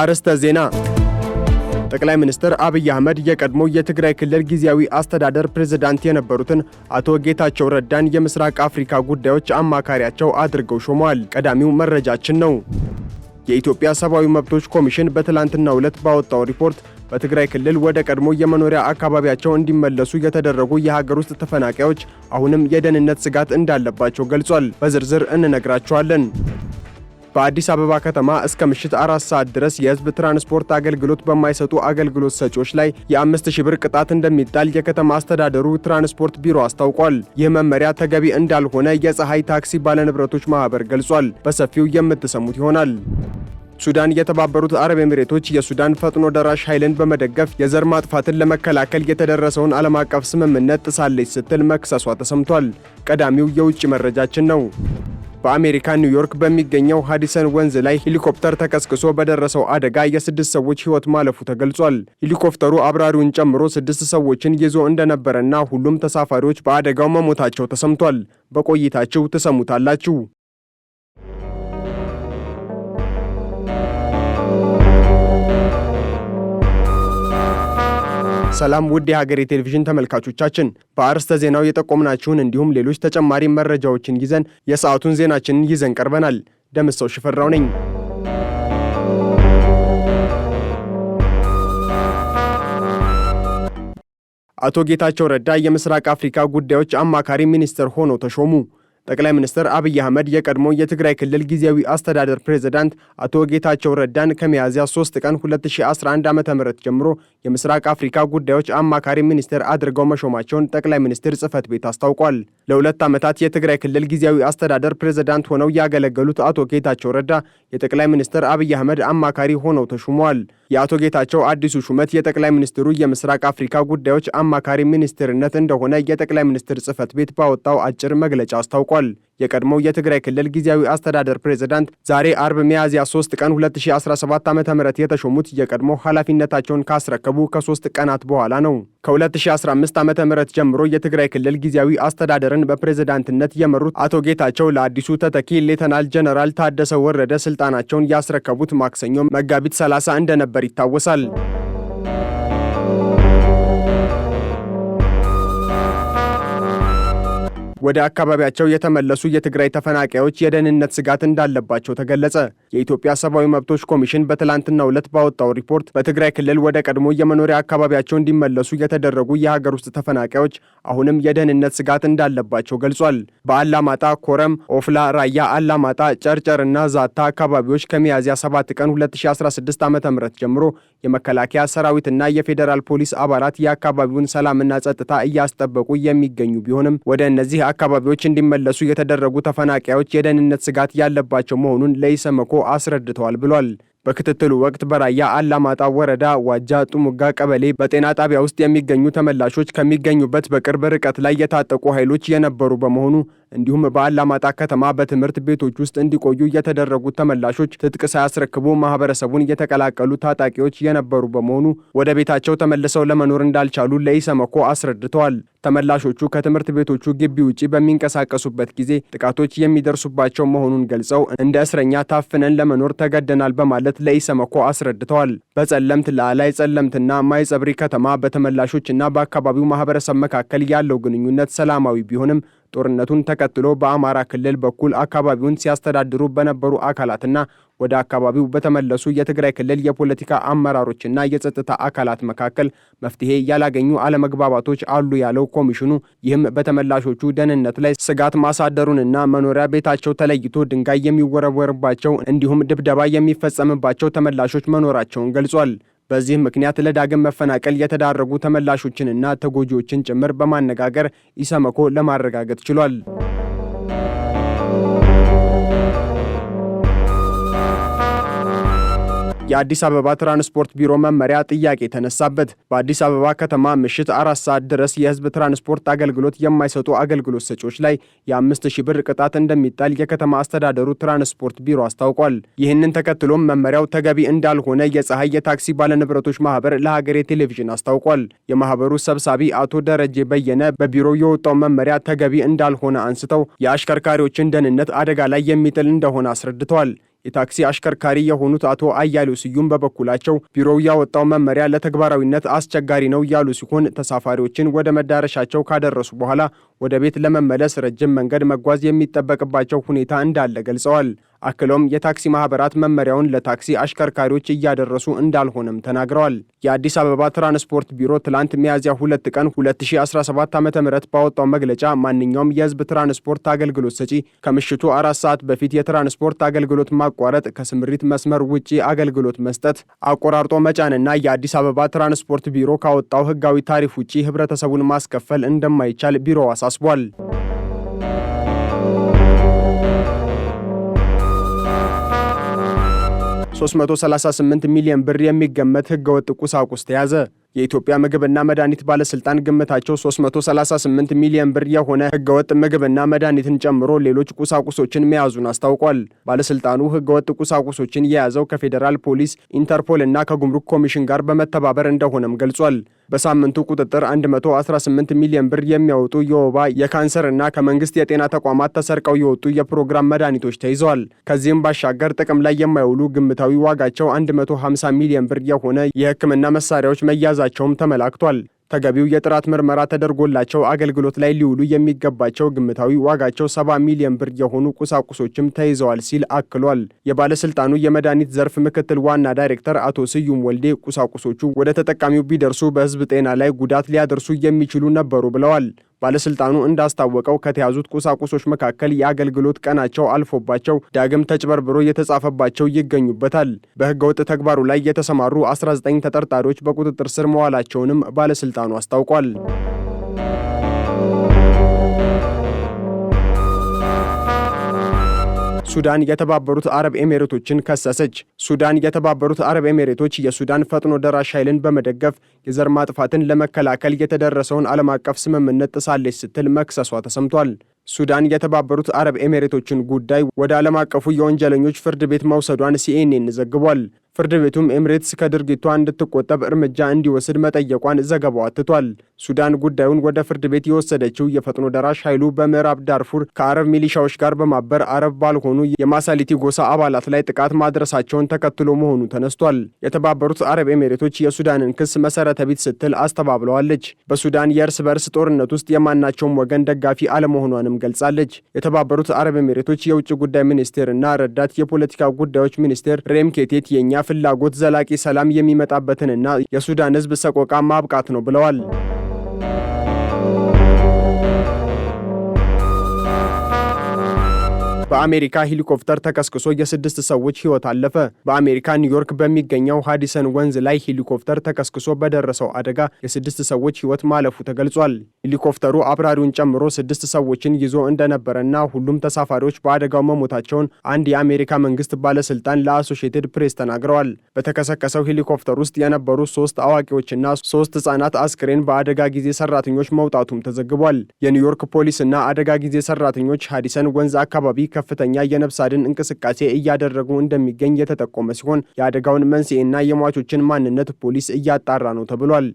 አርዕስተ ዜና ጠቅላይ ሚኒስትር አብይ አህመድ የቀድሞ የትግራይ ክልል ጊዜያዊ አስተዳደር ፕሬዝዳንት የነበሩትን አቶ ጌታቸው ረዳን የምስራቅ አፍሪካ ጉዳዮች አማካሪያቸው አድርገው ሾመዋል። ቀዳሚው መረጃችን ነው። የኢትዮጵያ ሰብአዊ መብቶች ኮሚሽን በትላንትናው ዕለት ባወጣው ሪፖርት በትግራይ ክልል ወደ ቀድሞ የመኖሪያ አካባቢያቸው እንዲመለሱ የተደረጉ የሀገር ውስጥ ተፈናቃዮች አሁንም የደህንነት ስጋት እንዳለባቸው ገልጿል። በዝርዝር እንነግራቸዋለን። በአዲስ አበባ ከተማ እስከ ምሽት አራት ሰዓት ድረስ የህዝብ ትራንስፖርት አገልግሎት በማይሰጡ አገልግሎት ሰጪዎች ላይ የአምስት ሺህ ብር ቅጣት እንደሚጣል የከተማ አስተዳደሩ ትራንስፖርት ቢሮ አስታውቋል። ይህ መመሪያ ተገቢ እንዳልሆነ የፀሐይ ታክሲ ባለንብረቶች ማህበር ገልጿል። በሰፊው የምትሰሙት ይሆናል። ሱዳን የተባበሩት አረብ ኤምሬቶች የሱዳን ፈጥኖ ደራሽ ኃይልን በመደገፍ የዘር ማጥፋትን ለመከላከል የተደረሰውን ዓለም አቀፍ ስምምነት ጥሳለች ስትል መክሰሷ ተሰምቷል። ቀዳሚው የውጭ መረጃችን ነው። በአሜሪካ ኒውዮርክ በሚገኘው ሃዲሰን ወንዝ ላይ ሄሊኮፕተር ተከስክሶ በደረሰው አደጋ የስድስት ሰዎች ሕይወት ማለፉ ተገልጿል። ሄሊኮፕተሩ አብራሪውን ጨምሮ ስድስት ሰዎችን ይዞ እንደነበረና ሁሉም ተሳፋሪዎች በአደጋው መሞታቸው ተሰምቷል። በቆይታችሁ ትሰሙታላችሁ። ሰላም ውድ የሀገሬ ቴሌቪዥን ተመልካቾቻችን፣ በአርዕስተ ዜናው የጠቆምናችሁን እንዲሁም ሌሎች ተጨማሪ መረጃዎችን ይዘን የሰዓቱን ዜናችንን ይዘን ቀርበናል። ደምሰው ሽፈራው ነኝ። አቶ ጌታቸው ረዳ የምስራቅ አፍሪካ ጉዳዮች አማካሪ ሚኒስትር ሆነው ተሾሙ። ጠቅላይ ሚኒስትር አብይ አህመድ የቀድሞ የትግራይ ክልል ጊዜያዊ አስተዳደር ፕሬዝዳንት አቶ ጌታቸው ረዳን ከሚያዝያ 3 ቀን 2011 ዓ ም ጀምሮ የምስራቅ አፍሪካ ጉዳዮች አማካሪ ሚኒስትር አድርገው መሾማቸውን ጠቅላይ ሚኒስትር ጽህፈት ቤት አስታውቋል። ለሁለት ዓመታት የትግራይ ክልል ጊዜያዊ አስተዳደር ፕሬዝዳንት ሆነው ያገለገሉት አቶ ጌታቸው ረዳ የጠቅላይ ሚኒስትር አብይ አህመድ አማካሪ ሆነው ተሹመዋል። የአቶ ጌታቸው አዲሱ ሹመት የጠቅላይ ሚኒስትሩ የምስራቅ አፍሪካ ጉዳዮች አማካሪ ሚኒስትርነት እንደሆነ የጠቅላይ ሚኒስትር ጽህፈት ቤት ባወጣው አጭር መግለጫ አስታውቋል። የቀድሞው የትግራይ ክልል ጊዜያዊ አስተዳደር ፕሬዝዳንት ዛሬ አርብ ሚያዝያ 3 ቀን 2017 ዓ.ም የተሾሙት የቀድሞ ኃላፊነታቸውን ካስረከቡ ከሶስት ቀናት በኋላ ነው። ከ2015 ም ጀምሮ የትግራይ ክልል ጊዜያዊ አስተዳደርን በፕሬዝዳንትነት የመሩት አቶ ጌታቸው ለአዲሱ ተተኪ ሌተናል ጀነራል ታደሰ ወረደ ስልጣናቸውን ያስረከቡት ማክሰኞ መጋቢት 30 እንደነበር ይታወሳል። ወደ አካባቢያቸው የተመለሱ የትግራይ ተፈናቃዮች የደህንነት ስጋት እንዳለባቸው ተገለጸ። የኢትዮጵያ ሰብአዊ መብቶች ኮሚሽን በትላንትናው ዕለት ባወጣው ሪፖርት በትግራይ ክልል ወደ ቀድሞ የመኖሪያ አካባቢያቸው እንዲመለሱ የተደረጉ የሀገር ውስጥ ተፈናቃዮች አሁንም የደህንነት ስጋት እንዳለባቸው ገልጿል። በአላማጣ፣ ኮረም፣ ኦፍላ፣ ራያ አላማጣ፣ ጨርጨር ና ዛታ አካባቢዎች ከሚያዝያ 7 ቀን 2016 ዓ ም ጀምሮ የመከላከያ ሰራዊትና የፌዴራል ፖሊስ አባላት የአካባቢውን ሰላምና ጸጥታ እያስጠበቁ የሚገኙ ቢሆንም ወደ እነዚህ አካባቢዎች እንዲመለሱ የተደረጉ ተፈናቃዮች የደህንነት ስጋት ያለባቸው መሆኑን ለኢሰመኮ አስረድተዋል ብሏል። በክትትሉ ወቅት በራያ አላማጣ ወረዳ ዋጃ ጥሙጋ ቀበሌ በጤና ጣቢያ ውስጥ የሚገኙ ተመላሾች ከሚገኙበት በቅርብ ርቀት ላይ የታጠቁ ኃይሎች የነበሩ በመሆኑ እንዲሁም በአላማጣ ከተማ በትምህርት ቤቶች ውስጥ እንዲቆዩ የተደረጉት ተመላሾች ትጥቅ ሳያስረክቡ ማህበረሰቡን የተቀላቀሉ ታጣቂዎች የነበሩ በመሆኑ ወደ ቤታቸው ተመልሰው ለመኖር እንዳልቻሉ ለኢሰመኮ አስረድተዋል። ተመላሾቹ ከትምህርት ቤቶቹ ግቢ ውጪ በሚንቀሳቀሱበት ጊዜ ጥቃቶች የሚደርሱባቸው መሆኑን ገልጸው እንደ እስረኛ ታፍነን ለመኖር ተገደናል በማለት ለኢሰመኮ አስረድተዋል። በጸለምት ላላይ ጸለምትና ማይጸብሪ ከተማ በተመላሾችና በአካባቢው ማህበረሰብ መካከል ያለው ግንኙነት ሰላማዊ ቢሆንም ጦርነቱን ተከትሎ በአማራ ክልል በኩል አካባቢውን ሲያስተዳድሩ በነበሩ አካላትና ወደ አካባቢው በተመለሱ የትግራይ ክልል የፖለቲካ አመራሮችና የጸጥታ አካላት መካከል መፍትሄ ያላገኙ አለመግባባቶች አሉ ያለው ኮሚሽኑ ይህም በተመላሾቹ ደህንነት ላይ ስጋት ማሳደሩንና መኖሪያ ቤታቸው ተለይቶ ድንጋይ የሚወረወርባቸው እንዲሁም ድብደባ የሚፈጸምባቸው ተመላሾች መኖራቸውን ገልጿል። በዚህ ምክንያት ለዳግም መፈናቀል የተዳረጉ ተመላሾችንና ተጎጂዎችን ጭምር በማነጋገር ኢሰመኮ ለማረጋገጥ ችሏል። የአዲስ አበባ ትራንስፖርት ቢሮ መመሪያ ጥያቄ ተነሳበት። በአዲስ አበባ ከተማ ምሽት አራት ሰዓት ድረስ የህዝብ ትራንስፖርት አገልግሎት የማይሰጡ አገልግሎት ሰጪዎች ላይ የአምስት ሺህ ብር ቅጣት እንደሚጣል የከተማ አስተዳደሩ ትራንስፖርት ቢሮ አስታውቋል። ይህንን ተከትሎም መመሪያው ተገቢ እንዳልሆነ የፀሐይ የታክሲ ባለንብረቶች ማህበር ለሀገሬ ቴሌቪዥን አስታውቋል። የማህበሩ ሰብሳቢ አቶ ደረጀ በየነ በቢሮው የወጣው መመሪያ ተገቢ እንዳልሆነ አንስተው የአሽከርካሪዎችን ደህንነት አደጋ ላይ የሚጥል እንደሆነ አስረድተዋል። የታክሲ አሽከርካሪ የሆኑት አቶ አያሌው ስዩም በበኩላቸው ቢሮው ያወጣው መመሪያ ለተግባራዊነት አስቸጋሪ ነው ያሉ ሲሆን ተሳፋሪዎችን ወደ መዳረሻቸው ካደረሱ በኋላ ወደ ቤት ለመመለስ ረጅም መንገድ መጓዝ የሚጠበቅባቸው ሁኔታ እንዳለ ገልጸዋል። አክሎም የታክሲ ማህበራት መመሪያውን ለታክሲ አሽከርካሪዎች እያደረሱ እንዳልሆነም ተናግረዋል። የአዲስ አበባ ትራንስፖርት ቢሮ ትላንት ሚያዝያ 2 ቀን 2017 ዓ ም ባወጣው መግለጫ ማንኛውም የህዝብ ትራንስፖርት አገልግሎት ሰጪ ከምሽቱ አራት ሰዓት በፊት የትራንስፖርት አገልግሎት ማቋረጥ፣ ከስምሪት መስመር ውጪ አገልግሎት መስጠት፣ አቆራርጦ መጫንና የአዲስ አበባ ትራንስፖርት ቢሮ ካወጣው ህጋዊ ታሪፍ ውጪ ህብረተሰቡን ማስከፈል እንደማይቻል ቢሮው አሳስቧል። 338 ሚሊዮን ብር የሚገመት ህገወጥ ቁሳቁስ ተያዘ። የኢትዮጵያ ምግብና መድኃኒት ባለስልጣን ግምታቸው 338 ሚሊዮን ብር የሆነ ህገወጥ ምግብና መድኃኒትን ጨምሮ ሌሎች ቁሳቁሶችን መያዙን አስታውቋል። ባለስልጣኑ ህገወጥ ቁሳቁሶችን የያዘው ከፌዴራል ፖሊስ፣ ኢንተርፖል እና ከጉምሩክ ኮሚሽን ጋር በመተባበር እንደሆነም ገልጿል። በሳምንቱ ቁጥጥር 118 ሚሊዮን ብር የሚያወጡ የወባ የካንሰር እና ከመንግስት የጤና ተቋማት ተሰርቀው የወጡ የፕሮግራም መድኃኒቶች ተይዘዋል። ከዚህም ባሻገር ጥቅም ላይ የማይውሉ ግምታዊ ዋጋቸው 150 ሚሊዮን ብር የሆነ የህክምና መሳሪያዎች መያዛቸውም ተመላክቷል። ተገቢው የጥራት ምርመራ ተደርጎላቸው አገልግሎት ላይ ሊውሉ የሚገባቸው ግምታዊ ዋጋቸው 70 ሚሊዮን ብር የሆኑ ቁሳቁሶችም ተይዘዋል ሲል አክሏል። የባለስልጣኑ የመድኃኒት ዘርፍ ምክትል ዋና ዳይሬክተር አቶ ስዩም ወልዴ ቁሳቁሶቹ ወደ ተጠቃሚው ቢደርሱ በሕዝብ ጤና ላይ ጉዳት ሊያደርሱ የሚችሉ ነበሩ ብለዋል። ባለስልጣኑ እንዳስታወቀው ከተያዙት ቁሳቁሶች መካከል የአገልግሎት ቀናቸው አልፎባቸው ዳግም ተጭበርብሮ የተጻፈባቸው ይገኙበታል። በህገወጥ ተግባሩ ላይ የተሰማሩ 19 ተጠርጣሪዎች በቁጥጥር ስር መዋላቸውንም ባለስልጣኑ አስታውቋል። ሱዳን የተባበሩት አረብ ኤሜሬቶችን ከሰሰች። ሱዳን የተባበሩት አረብ ኤሜሬቶች የሱዳን ፈጥኖ ደራሽ ኃይልን በመደገፍ የዘር ማጥፋትን ለመከላከል የተደረሰውን ዓለም አቀፍ ስምምነት ጥሳለች ስትል መክሰሷ ተሰምቷል። ሱዳን የተባበሩት አረብ ኤሜሬቶችን ጉዳይ ወደ ዓለም አቀፉ የወንጀለኞች ፍርድ ቤት መውሰዷን ሲኤንኤን ዘግቧል። ፍርድ ቤቱም ኤምሬትስ ከድርጊቷ እንድትቆጠብ እርምጃ እንዲወስድ መጠየቋን ዘገባው አትቷል። ሱዳን ጉዳዩን ወደ ፍርድ ቤት የወሰደችው የፈጥኖ ደራሽ ኃይሉ በምዕራብ ዳርፉር ከአረብ ሚሊሻዎች ጋር በማበር አረብ ባልሆኑ የማሳሊቲ ጎሳ አባላት ላይ ጥቃት ማድረሳቸውን ተከትሎ መሆኑ ተነስቷል። የተባበሩት አረብ ኤምሬቶች የሱዳንን ክስ መሰረተ ቢስ ስትል አስተባብለዋለች። በሱዳን የእርስ በርስ ጦርነት ውስጥ የማናቸውም ወገን ደጋፊ አለመሆኗንም ገልጻለች። የተባበሩት አረብ ኤምሬቶች የውጭ ጉዳይ ሚኒስቴር እና ረዳት የፖለቲካ ጉዳዮች ሚኒስቴር ሬምኬቴት የእኛ ፍላጎት ዘላቂ ሰላም የሚመጣበትንና የሱዳን ህዝብ ሰቆቃ ማብቃት ነው ብለዋል። በአሜሪካ ሄሊኮፕተር ተከስክሶ የስድስት ሰዎች ሕይወት አለፈ። በአሜሪካ ኒውዮርክ በሚገኘው ሃዲሰን ወንዝ ላይ ሄሊኮፕተር ተከስክሶ በደረሰው አደጋ የስድስት ሰዎች ሕይወት ማለፉ ተገልጿል። ሄሊኮፕተሩ አብራሪውን ጨምሮ ስድስት ሰዎችን ይዞ እንደነበረና ሁሉም ተሳፋሪዎች በአደጋው መሞታቸውን አንድ የአሜሪካ መንግስት ባለስልጣን ለአሶሺየትድ ፕሬስ ተናግረዋል። በተከሰከሰው ሄሊኮፕተር ውስጥ የነበሩ ሶስት አዋቂዎችና ሶስት ህጻናት አስክሬን በአደጋ ጊዜ ሰራተኞች መውጣቱም ተዘግቧል። የኒውዮርክ ፖሊስና አደጋ ጊዜ ሰራተኞች ሃዲሰን ወንዝ አካባቢ ከፍ ከፍተኛ የነፍስ አድን እንቅስቃሴ እያደረጉ እንደሚገኝ የተጠቆመ ሲሆን የአደጋውን መንስኤና የሟቾችን ማንነት ፖሊስ እያጣራ ነው ተብሏል።